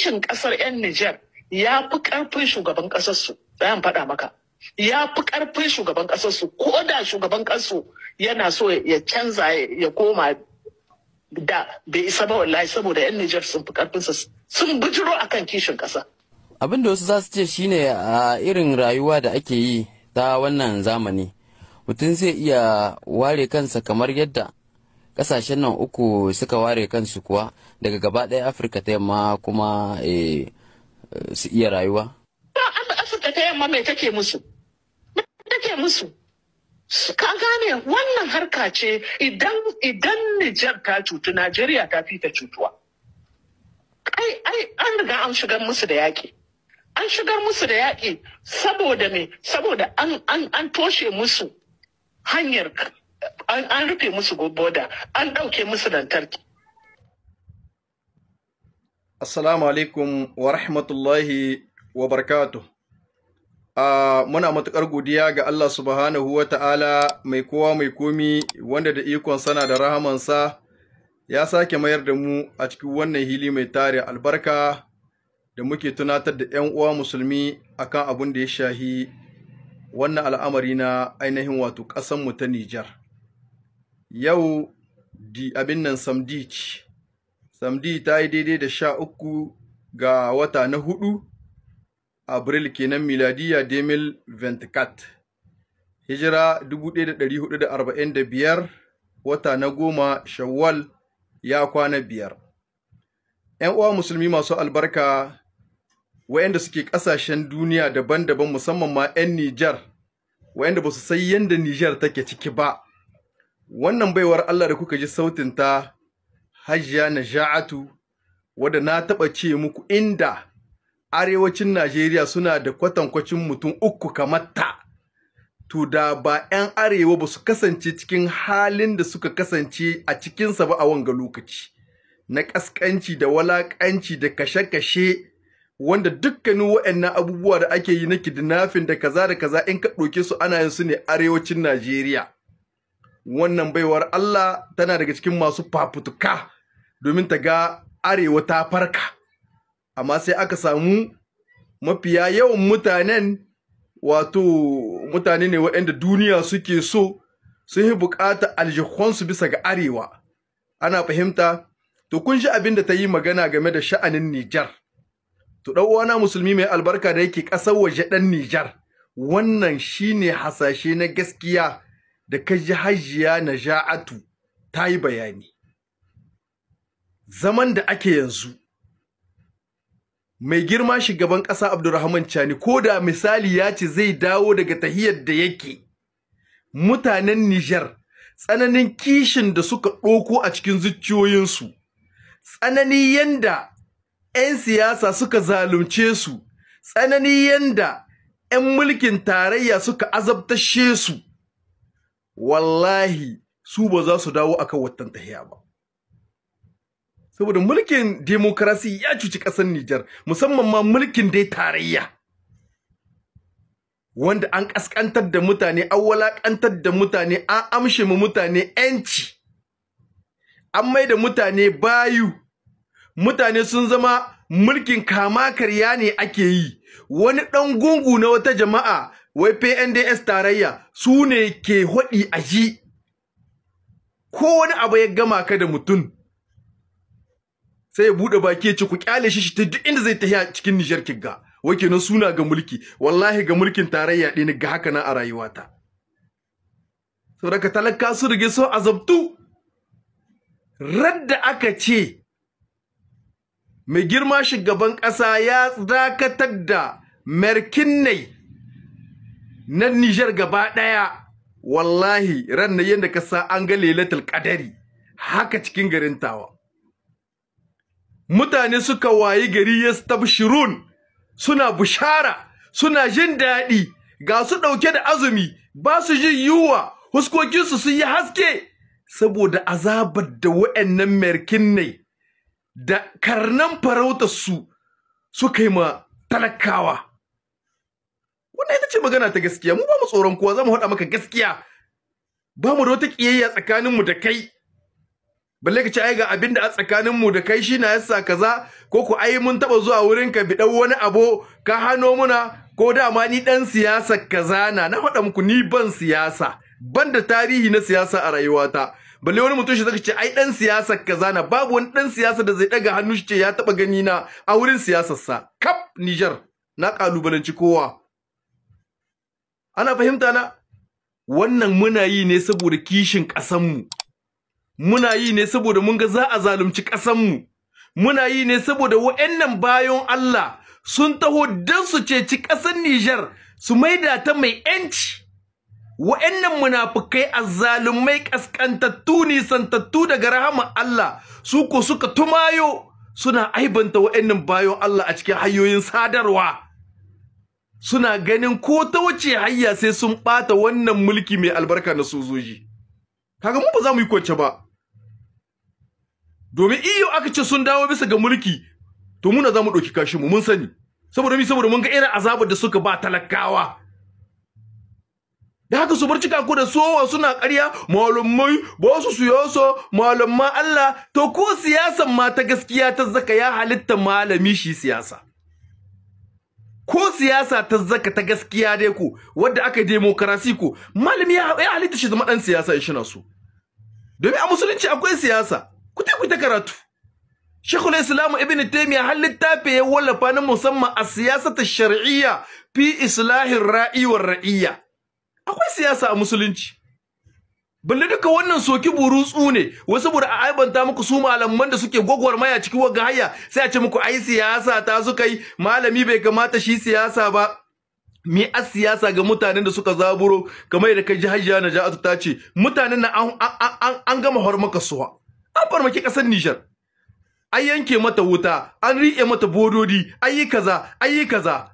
kishin kasar 'yan Nijar ya fi ƙarfin shugaban ƙasarsu, bayan faɗa maka. Ya fi ƙarfin shugaban ƙasarsu, ko da shugaban ƙasarsu yana so ya canza ya koma da bai isa ba wallahi saboda 'yan Nijar sun fi ƙarfinsa sun a akan kishin ƙasa. Abin da wasu za su ce shi ne a irin rayuwa da ake yi ta wannan zamani. Mutum zai iya ware kansa kamar yadda kasashen nan uku suka ware kansu kuwa daga gaba ɗaya afirka ta yamma kuma eh, eh, su iya rayuwa afirka ta yamma mai take musu take musu ka gane wannan harka ce idan nijar ta cutu najeriya ta fi ta cutuwa ai ai an riga an shigar musu da yaƙi an shigar musu da yaƙi saboda me saboda an toshe musu hanyar an rufe musu goboda an ɗauke musu lantarki assalamu alaikum wa rahmatullahi wa barakatuh Uh, muna matuƙar godiya ga Allah subhanahu wa ta'ala mai kowa mai komi wanda da ikon sana da rahamansa ya sake mayar da mu a cikin wannan hili mai tare albarka da muke tunatar da ‘yan uwa musulmi akan abin da ya shahi wannan al'amari na ainihin wato mu ta Nijar. yau di abin nan samdi ce samdi ta yi daidai da sha uku ga wata na hudu abril kenan miladiya demil ventikat hijira dubu ɗaya da da da ɗari hudu arba'in biyar wata na goma shawwal ya kwana biyar ‘yan uwa musulmi masu albarka wa'yanda suke ƙasashen duniya daban-daban musamman ma ‘yan nijar wa'yanda ba su san yadda nijar take ciki ba wannan baiwar Allah da kuka ji sautin sautinta hajjiya ja'atu wadda na taɓa ce muku inda arewacin Najeriya suna da kwatankwacin mutum uku kamar ta to da ba 'yan arewa ba su kasance cikin halin da suka kasance a cikinsa ba a wanga lokaci na ƙasƙanci da walaƙanci da kashe-kashe wanda dukkanin na abubuwa da ake yi na kidnafin da kaza da kaza in ka ɗauke su ana yin su ne arewacin Najeriya. wannan baiwar Allah tana daga cikin masu fafutuka domin ta ga arewa ta farka amma sai aka samu mafiya yawan mutanen wato mutane ne waɗanda duniya suke so sun yi bukata aljihunsu bisa ga arewa ana fahimta to kun shi abin da ta yi magana game da sha'anin Nijar to ɗan uwana musulmi mai albarka da yake ƙasar waje ɗan Nijar wannan shine hasashe na gaskiya da ka ji hajiya Ja'atu ta yi bayani zaman da ake yanzu mai girma shugaban ƙasa abdurrahman cani ko da misali ya ce zai dawo daga tahiyar da yake mutanen nijar tsananin kishin da suka ɗoko a cikin zuciyoyinsu tsanani yanda 'yan siyasa suka zalunce su tsanani yanda 'yan mulkin tarayya suka azabtashe su wallahi su ba za su dawo akan wattan tahiya ba saboda mulkin demokarasi ya cuci ƙasar Nijar musamman ma mulkin dai tarayya wanda an ƙasƙantar da mutane an walaƙantar da mutane an amshe ma mutane yanci an mai da mutane bayu mutane sun zama mulkin kama karya ne ake yi wani ɗan gungu na wata jama'a wai PNDS tarayya su ne ke hodi a ji ko wani abu ya gama ka da mutum sai ya buɗe baki ya ce ku kyale shi shi ta duk inda zai tafi a cikin Niger kigga wai kenan suna ga mulki wallahi ga mulkin tarayya ɗin ga haka na a rayuwata saboda ka talaka su rige so azabtu radda aka ce mai girma shugaban ƙasa ya dakatar da merkinnai na Nijar gaba ɗaya wallahi ran na yadda ka sa an ga lailatul qadari haka cikin garin tawa mutane suka wayi gari ya yastabshirun suna bushara suna jin daɗi ga su ɗauke da azumi ba su jin yiwuwa huskokinsu sun yi haske saboda azabar da wa'annan merkin ne da karnan farautar su suka yi ma talakawa wannan ita ce magana ta gaskiya mu ba mu tsoron kowa za mu haɗa maka gaskiya ba mu da wata ƙiyayya tsakaninmu da kai balle ka ce ai ga abin da a tsakaninmu da kai shi na yasa kaza ko ku ai mun taɓa zuwa wurin ka bi ɗan wani abu ka hano muna ko dama ni ɗan siyasa kaza na na faɗa muku ni ban siyasa ban da tarihi na siyasa a rayuwata balle wani mutum shi zaka ce ai ɗan siyasa kaza na babu wani ɗan siyasa da zai ɗaga hannu shi ce ya taɓa gani na a wurin siyasarsa kap Niger na ƙalubalanci kowa ana fahimta na wannan muna yi ne saboda kishin ƙasanmu muna yi ne saboda mun ga za a zalunci ƙasanmu muna yi ne saboda wa'annan bayan Allah sun taho don su ceci ƙasar Nijar su maida ta mai ‘yanci wa'annan munafukai azzalumai ƙasƙantattu nisantattu daga rahama Allah su ko suka tumayo suna aibanta wa'annan bayan Allah a cikin hanyoyin sadarwa suna ganin ko ta wuce hayya sai sun ɓata wannan mulki mai albarka na sojoji kaga mu ba za mu yi kwance ba domin iyo aka ce sun dawo bisa ga mulki to muna za mu ɗauki kashinmu mun sani saboda mi saboda mun ga irin azabar da suka ba talakawa da haka su bar cika ko da sowa suna ƙarya malamai ba su siyaso malaman Allah to ko siyasan ma ta gaskiya ta zaka ya halitta malami shi siyasa ko siyasa ta zaka ta gaskiya dai ku wadda aka demokarasi ku malami ya halitta shi zama dan siyasa ya shina su. domin a musulunci akwai siyasa ku ta ku ta karatu Shekul Islam Ibn Taymiyyah har littafi ya wallafa na musamman a siyasa ta shar'iyya fi islahin ra'i ra'iyya akwai siyasa a musulunci balle duka wannan soki burutsu ne wasu bur a aibanta muku su malaman da suke gwagwarmaya cikin wagga haya sai a ce muku ai siyasa ta suka yi malami bai kamata shi siyasa ba mi a siyasa ga mutanen da suka zaburo kamar da kai ji na naja'atu ta ce mutanen na an gama maka suwa an farmaki kasar Nijar an yanke mata wuta an riƙe mata bododi an yi kaza an yi kaza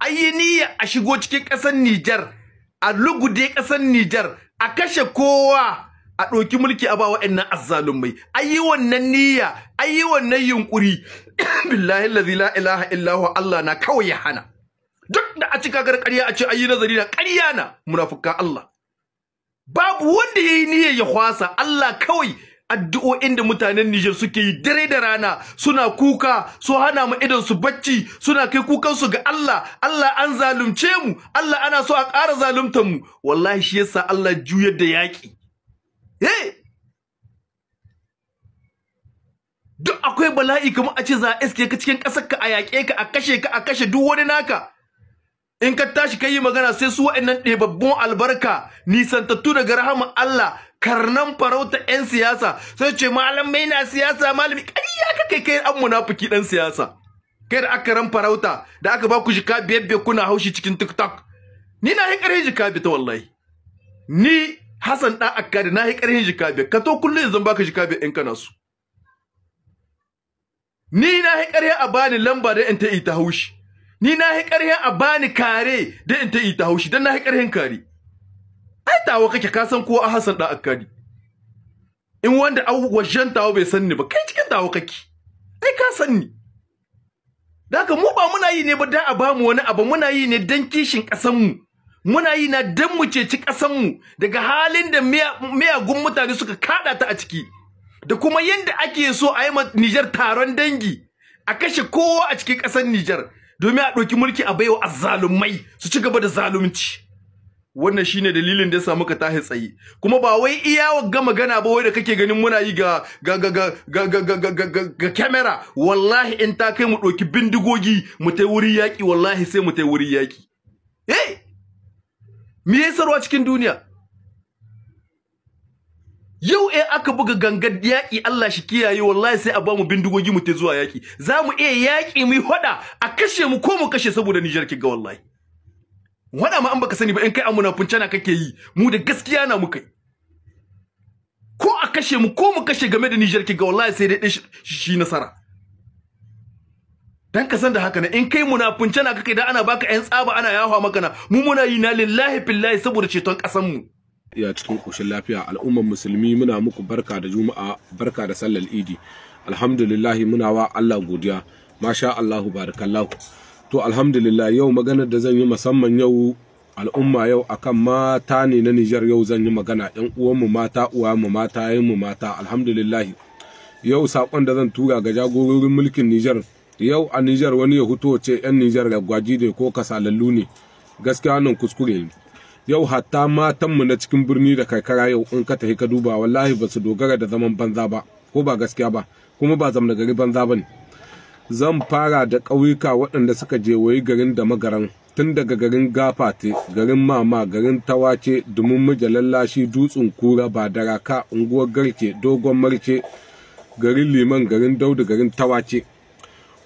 an yi niyya a shigo cikin kasar Nijar a lugude ƙasar Nijar a kashe kowa a ɗauki mulki a ba waɗannan azzalumai ayi wannan niyya ayi wannan yunkuri billahi la ilaha illa Allah na kawai ya hana duk da a cika gar ƙarya a ce ayi nazari na ƙarya na munafuka Allah babu wanda yayi niyyar ya kwasa Allah kawai addu'o'in da mutanen Nijar suke yi dare da rana suna kuka su hana mu idan su bacci suna kai kukan ga Allah Allah an zalunce mu Allah ana so a ƙara zaluntar mu wallahi shi yasa Allah juyar da yaƙi He! Eh! duk akwai bala'i kamar a ce za a iske ka cikin ƙasar ka a yaƙe ka a kashe ka a kashe duk wani naka in ka tashi ka yi magana sai su waɗannan ɗebabbun albarka nisantattu daga rahama Allah karnan farauta 'yan siyasa sai ce malamai na siyasa malami ƙarya ka kai kai an munafiki ɗan siyasa kai da aka ran farauta da aka ba ku jika biyabbe kuna haushi cikin tiktok ni na yi ƙarfin jika ta wallahi ni Hassan ɗan akkari na yi ƙarfin jika ka to kullum zan baka jika biyar in kana su ni na yi ƙarfin a bani lamba da in ta haushi ni na yi ƙarfin a bani kare da in ta haushi dan na yi ƙarfin kare tawa kake ka san ko a Hassan da Akkari in wanda au wajen tawa bai san ni ba kai cikin tawa kake ai ka san ni Daka mu ba muna yi ne ba da a bamu wani abu muna yi ne dan kishin kasan mu muna yi na dan mu ci kasan mu daga halin da miyagun mutane suka kada ta a ciki da kuma yadda ake so a yi Nijar taron dangi a kashe kowa a cikin kasan Nijar domin a ɗauki mulki a baiwa azzalumai su ci gaba da zalunci. wannan shine dalilin da ya samu ka tahi tsaye kuma ba wai iya ga magana ba wai da kake ganin muna yi ga ga ga ga camera wallahi in ta kai mu ɗauki bindigogi mu tai wuri yaƙi, wallahi sai mu tai wuri yaƙi eh me ya sarwa cikin duniya yau eh aka buga gangar yaƙi Allah shi kiyaye wallahi sai a ba mu bindigogi mu tai zuwa yaƙi, za mu iya yaƙi mu hoda a kashe mu ko mu kashe saboda Niger ki ga wallahi wana ma an baka sani ba in kai amuna funcana kake yi mu da gaskiya na muka yi ko a kashe mu ko mu kashe game da Niger kiga wallahi sai dai shi nasara dan ka san da haka ne in kai munafunce na kake da ana baka yan tsaba ana yawa maka na mu muna yi na lillahi billahi saboda ceton kasan mu ya cikin koshin lafiya al'ummar musulmi muna muku barka da juma'a barka da sallar idi alhamdulillah muna wa Allah godiya masha Allah barakallahu to alhamdulillah yau maganar da zan yi musamman yau al'umma yau akan mata ne na Nijar yau zan yi magana ɗan uwanmu mata uwa mu mata yin mu mata alhamdulillah yau saƙon da zan tura ga jagororin mulkin Nijar yau a Nijar wani ya huto ce yan Nijar gwaji ne ko kasalallu ne gaskiya nan kuskure ne yau hatta mu na cikin birni da karkara yau in ka tafi ka duba wallahi ba su dogara da zaman banza ba ko ba gaskiya ba kuma ba zamna gari banza ba ne zan fara da ƙauyuka waɗanda suka jewayi garin da magaran tun daga garin gafate garin mama garin tawace dumin mijalallashi dutsen kura ba raka unguwar garke dogon marce garin liman garin daudu garin tawace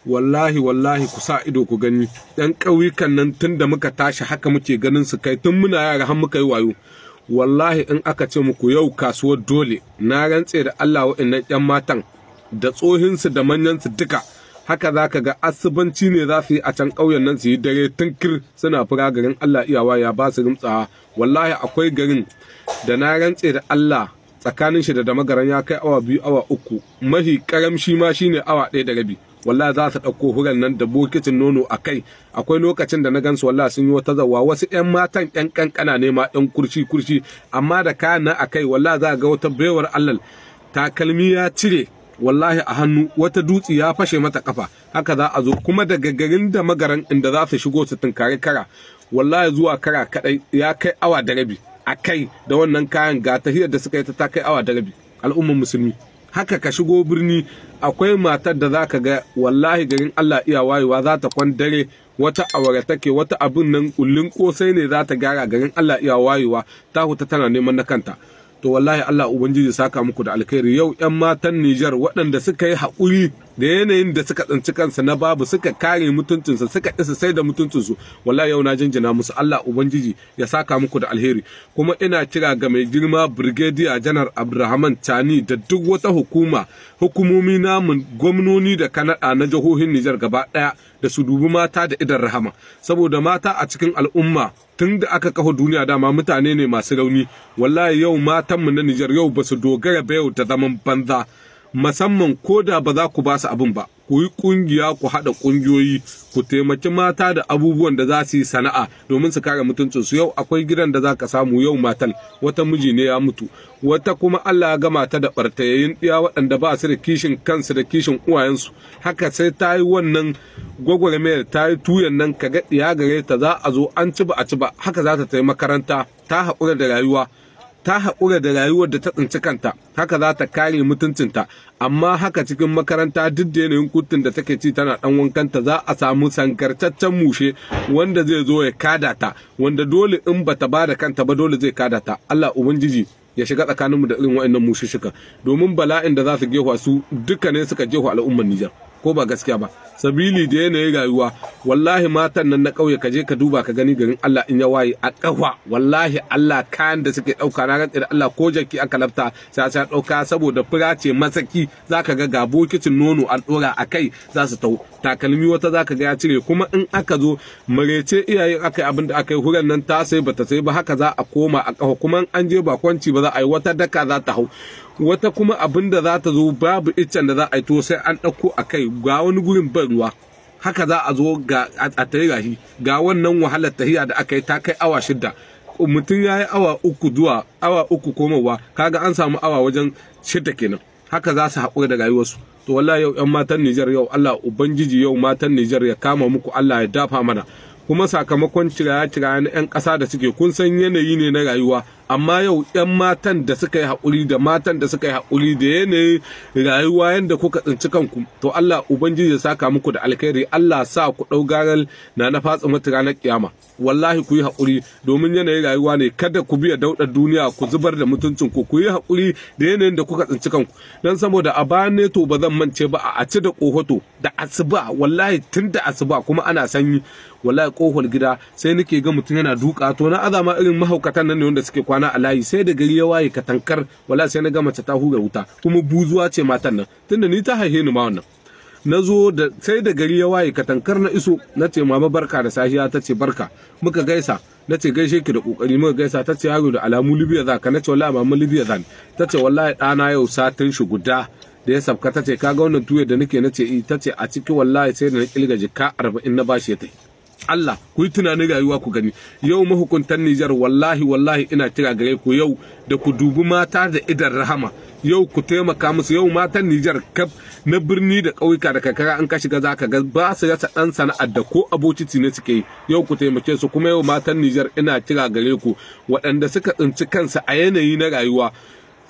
wallahi wallahi ku sa ido ku gani ɗan ƙauyukan nan tun da muka tashi haka muke ganin su kai tun muna yara har muka yi wayo wallahi in aka ce muku yau kasuwar dole na rantse da Allah wa'annan 'yan matan da tsohinsu da manyansu duka haka za ka ga asubanci ne za su yi a can ƙauyen nan su yi dare tunkir suna fura garin Allah iyawa ya ba su rimtsawa wallahi akwai garin da na rantse da Allah tsakanin shi da damagaran ya kai awa biyu awa uku mafi karamshi ma shine awa ɗaya da rabi wallahi za su ɗauko huran nan da bokitin nono a kai akwai lokacin da na gansu wallahi sun yi wata zawa wasu yan matan yan kankana ne ma ƴan kurshi kurshi amma da kayan nan a kai wallahi za ga wata baiwar allal takalmi ya cire wallahi a hannu wata dutse ya fashe mata kafa haka za a zo kuma daga garin da magaran inda za su shigo su tunkari kara wallahi zuwa kara kadai ya kai awa da rabi a kai da wannan kayan ga tahiyar da suka yi ta kai awa da rabi al'ummar musulmi haka ka shigo birni akwai matar da za ka ga wallahi garin Allah iya wayewa za ta kwan dare wata awara take wata abin nan kullun kosai ne za ta gyara garin Allah iya wayewa ta huta tana neman na kanta to wallahi Allah ubangiji saka muku da alkhairi yau yan matan Niger waɗanda suka yi haƙuri da yanayin da suka tsinci kansa na babu suka kare mutuncinsa suka isa sai da mutuncinsu wallahi yau na jinjina musu Allah ubangiji ya saka muku da alheri kuma ina kira ga mai girma brigadier janar Abdulrahman Tani da duk wata hukuma hukumomi namun gwamnoni da kanada na jihohin Nijar gaba daya da su dubi mata da idan rahama saboda mata a cikin al'umma tun da aka kafa duniya dama mutane ne masu rauni wallahi yau matanmu na Nijar yau ba su dogara ba yau da zaman banza musamman ko da ba za ku ba su abin ba ku yi ƙungiya ku haɗa ƙungiyoyi ku taimaki mata da abubuwan da za su yi sana'a domin su kare mutuncin su yau akwai gidan da za ka samu yau matan wata miji ne ya mutu wata kuma Allah ya gama ta da ɓartayayin ɗiya waɗanda ba su da kishin kansu da kishin uwayensu haka sai ta yi wannan gwagwarmayar ta yi tuyan nan ka ga ɗiya gare ta za a zo an ci ba a ci ba haka za ta yi makaranta ta haƙura da rayuwa ta haƙura da rayuwar da ta tsinci kanta haka za ta kare mutuncinta amma haka cikin makaranta duk da yanayin kutun da take ci tana ɗan wankanta za a samu sankarcaccen mushe wanda zai zo ya kada ta wanda dole in bata ba da kanta ba dole zai kada ta Allah ubangiji ya shiga tsakaninmu da irin waɗannan mushushuka domin bala'in da za su su duka ne suka gefa al'ummar Nijar. ko ba gaskiya ba sabili da yanayin rayuwa wallahi matan nan na ƙauye ka je ka duba ka gani garin Allah in ya waye a ƙafa wallahi Allah kayan da suke ɗauka na rantsi da Allah ko jaki aka lafta sai sai ɗauka saboda fura ce masaki zaka ga ga bokitin nono an ɗora a kai za su tau takalmi wata zaka ga ya cire kuma in aka zo marece iyaye aka yi abin da aka yi huran nan ta sai bata sai ba haka za a koma a ƙafa kuma an je bakwanci ba za a yi wata daka za ta hau wata kuma abin da za ta zo babu iccen da za a yi to sai an ɗauko a kai ga wani gurin ban ruwa haka za a zo ga a tare gashi ga wannan wahalar tahiya da aka yi ta kai awa shida mutum ya yi awa uku zuwa awa uku komowa kaga an samu awa wajen shida kenan haka za su haƙura da rayuwarsu to wallahi yau 'yan matan Nijar yau Allah ubangiji yau matan Nijar ya kama muku Allah ya dafa mana kuma sakamakon ciraya-ciraya na 'yan ƙasa da suke kun san yanayi ne na rayuwa amma yau 'yan matan da suka yi haƙuri da matan da suka yi haƙuri da yanayi rayuwa yadda kuka tsinci kanku to Allah ubangiji ya saka muku da alkhairi Allah sa ku ɗau garal na na fatsa mata ranar kiyama wallahi ku yi haƙuri domin yanayin rayuwa ne kada ku biya dauɗa duniya ku zubar da mutuncin ku ku yi haƙuri da yanayin da kuka tsinci kanku dan saboda a baya ne to ba zan mance ba a ci da ƙohoto da asuba wallahi tun da asuba kuma ana sanyi wallahi ƙohon gida sai nake ga mutum yana duka to na azama irin mahaukatan nan ne wanda suke kwana kwana a layi sai da gari ya waye tankar wala sai na ga mace ta hura wuta kuma buzuwa ce matan nan tunda ni ta haihe ni ma wannan na zo da sai da gari ya waye katankar na iso na ce mama barka da safiya ta ce barka muka gaisa na ce gaishe ki da kokari muka gaisa ta ce yaro da alamu libya za ka na ce wallahi mama libya za ta ce wallahi ɗana yau satin shi guda da ya sabka ta ce kaga wannan tuya da nake na ce eh, ta ce a ciki wallahi sai da na kilgaji ka arba'in na bashi ya Allah ku yi tunanin rayuwa ku gani yau mahukuntan Nijar wallahi wallahi ina kira gare ku yau da ku dubi mata da idan rahama yau ku taimaka musu yau matan Nijar kaf na birni da ƙauyuka da kakara an ka shiga za ka ga ba su rasa ɗan sana'ar da ko abokici ne suke yi yau ku taimake su kuma yau matan Nijar ina kira gare ku waɗanda suka tsinci kansu a yanayi na rayuwa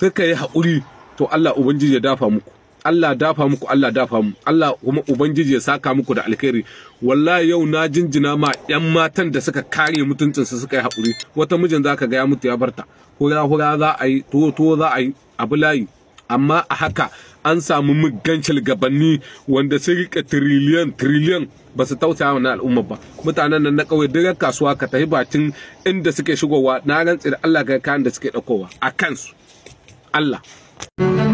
suka yi hakuri to Allah ubangiji ya dafa muku Allah dafa muku Allah dafa mu Allah kuma ubangiji ya saka muku da alkhairi wallahi yau na jinjina ma yan matan da suka kare mutuncin su suka yi hakuri wata mijin zaka ga ya mutu ya barta hura hura za a yi to to za a yi abulayi layi amma a haka an samu muggan gabanni wanda su rika tiriliyan trillion ba su tausa wa al'umma ba mutanen nan na kauye duk kasuwa ka tafi batun inda suke shigowa na rantsi da Allah ga kayan da suke dakowa a kansu Allah